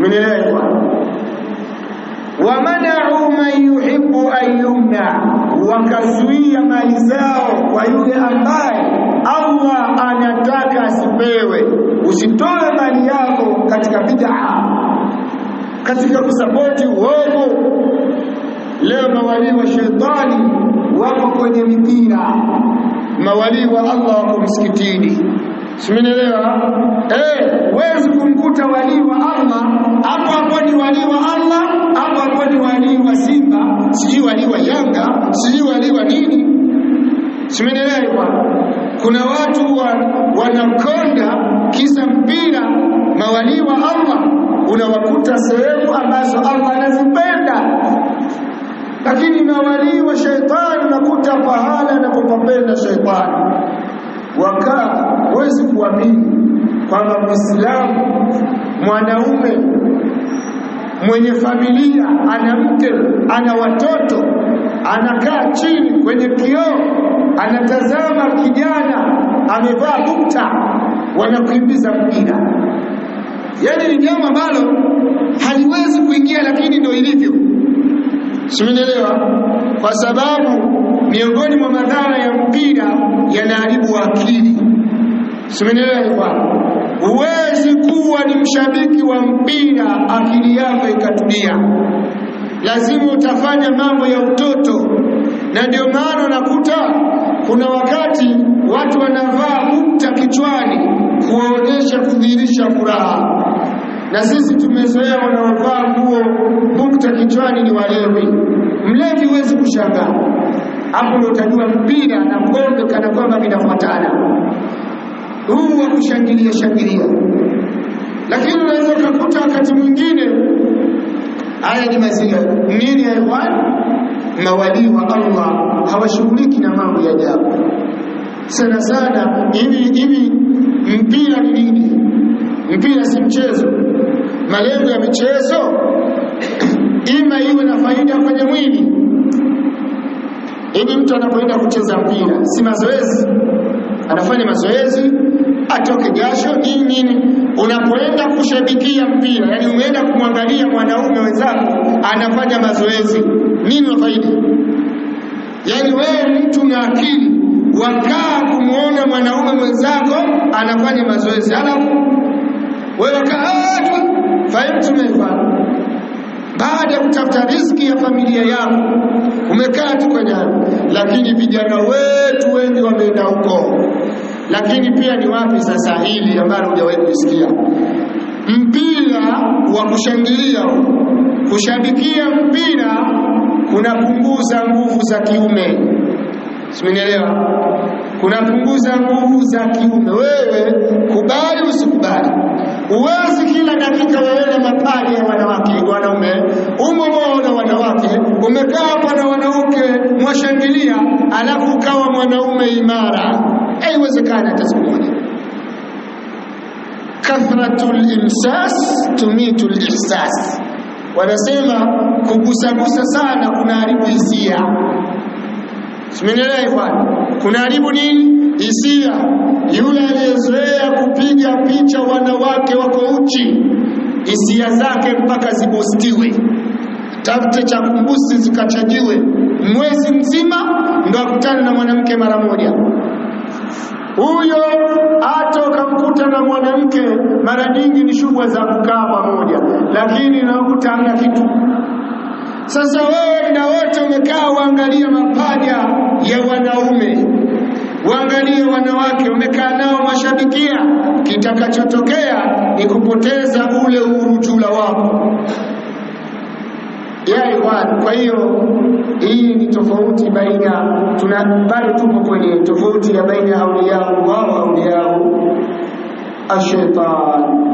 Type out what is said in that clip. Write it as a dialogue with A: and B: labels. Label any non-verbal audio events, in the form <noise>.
A: Mnielewa? wamanau man yuhibbu an yumna, wakazuia mali zao kwa yule ambaye Allah anataka asipewe. Usitoe mali yako katika bid'a, katika kusapoti uovu. Leo mawalii wa shetani wako kwenye mipira, mawalii wa Allah wako msikitini simenielewa eh? Huwezi kumkuta walii wa Allah hapo hapo ni walii wa Allah, hapo hapo ni walii wa Simba, sijui walii wa Yanga, sijui walii wa nini, simenielewa? Kuna watu wa, wanakonda kisa mpira. Mawalii wa Allah unawakuta sehemu ambazo Allah anazipenda lakini mawalii wa sheitani nakuta pahala anapopapenda sheitani wakaa hawezi kuamini kwamba Muislamu mwanaume mwenye familia, ana mke, ana watoto, anakaa chini kwenye kioo, anatazama kijana amevaa bukta, wanakimbiza mpira. yani ni jambo ambalo haliwezi kuingia, lakini ndio ilivyo, simenielewa? Kwa sababu miongoni mwa madhara ya mpira yanaharibu akili simenielewa bwana. Huwezi kuwa ni mshabiki wa mpira akili yako ikatulia, lazima utafanya mambo ya utoto, na ndio maana unakuta kuna wakati watu wanavaa ukta kichwani kuwaonyesha kudhihirisha furaha, na sisi tumezoea wanaovaa nguo bukta kichwani ni walevi. Mlevi huwezi kushangaa hapo, ndio utajua mpira na mgombe kana kwamba vinafuatana huu wa kushangilia shangilia. Lakini unaweza ukakuta wakati mwingine haya ni mazingira nini ya ikhwan, mawalii wa Allah hawashughuliki na mambo ya ajabu sana sana. Hivi hivi mpira ni nini? Mpira si mchezo. Malengo ya michezo <clears throat> ima iwe na faida kwenye mwili. Hivi mtu anapoenda kucheza mpira si mazoezi, anafanya mazoezi atoke jasho nini nini. Unapoenda kushabikia mpira, yani umeenda kumwangalia mwanaume wenzako anafanya mazoezi, nini faida? Yani wewe mtu na akili wakaa kumwona mwanaume mwenzako anafanya mazoezi, alafu wewe kaa ah, faimtumefana baada ya kutafuta riziki ya familia yako umekaa tu kwenye, lakini vijana wetu wengi wameenda huko lakini pia ni wapi sasa hili ambalo hujawahi kusikia? Mpira wa kushangilia, kushabikia mpira kunapunguza nguvu za kiume, simenielewa? Kunapunguza nguvu za kiume. Wewe kubali usikubali, uwezi kila dakika wewe mapali ya wanawake wanaume, umewaona wanawake, umekaa hapa na wanawake mwashangilia, alafu ukawa mwanaume imara haiwezekani hata siku moja. Kathratul imsas tumitul ihsas, wanasema kugusagusa sana kunaharibu hisia. Simenielewa kuna Kunaharibu nini? Hisia. Yule aliyezoea kupiga picha wanawake wako uchi, hisia zake mpaka zibostiwe, tafute cha kumbusi zikachajiwe, mwezi mzima ndo akutane na mwanamke mara moja huyo hata ukamkuta na mwanamke, mara nyingi ni shughuli za kukaa pamoja, lakini unakuta hamna kitu. Sasa wewe na wote umekaa, uangalie mapaja ya wanaume, waangalie wanawake, umekaa nao mashabikia, kitakachotokea ni kupoteza ule urujula wako ya yaani ikhwan. Kwa hiyo hii ni tofauti baina, tuna bado tupo kwenye tofauti ya baina ya Allah wa auliya ashaitani.